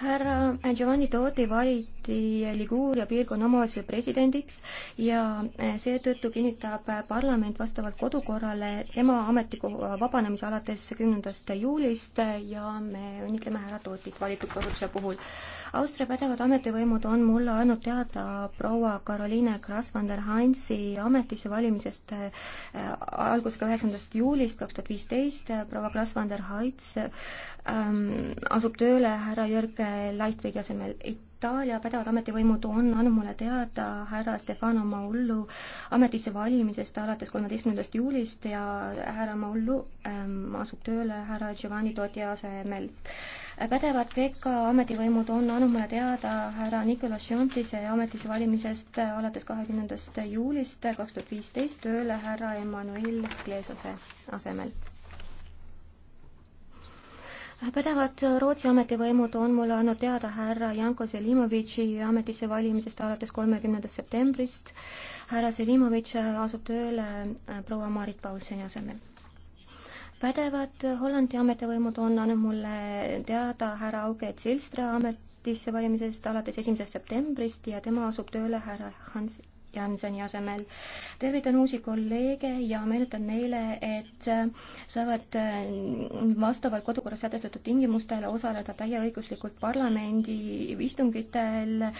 härra Giovanni Todi valiti Liguuria piirkonna omavalitsuse presidendiks ja eh, seetõttu kinnitab parlament vastavalt kodukorrale tema ametikoha eh, vabanemise alates kümnendast juulist ja me õnnitleme härra Todit valitud kodutuse puhul. Austria pädevad ametivõimud on mulle andnud teada proua Karoliine Krasvander-Hansi ametisse valimisest eh, algusega üheksandast juulist kaks tuhat viisteist. proua Krasvander-Hants ähm, asub tööle härra Jörg Lightweight asemel. Itaalia pädevad ametivõimud on andnud mulle teada härra Stefano Maullu ametisse valimisest alates kolmeteistkümnendast juulist ja härra Maullu ähm, asub tööle härra Giovanni Toti asemel pädevad Kreeka ametivõimud on andnud mulle teada härra Nicolas Chontise ametisse valimisest alates kahekümnendast juulist kaks tuhat viisteist tööle härra Emmanuel Glesose asemel pädevad Rootsi ametivõimud on mulle andnud teada härra Janko Selimovitši ametisse valimisest alates kolmekümnendast septembrist. härra Selimovitš asub tööle äh, proua Marit Paulseni asemel pädevad Hollandi ametivõimud on andnud mulle teada härra Auge Zilstra ametisse valimisest alates esimesest septembrist ja tema asub tööle härra Hans Janseni asemel. tervitan uusi kolleege ja meenutan neile, et saavad äh, vastavalt kodukorras sätestatud tingimustele osaleda täieõiguslikult parlamendi istungitel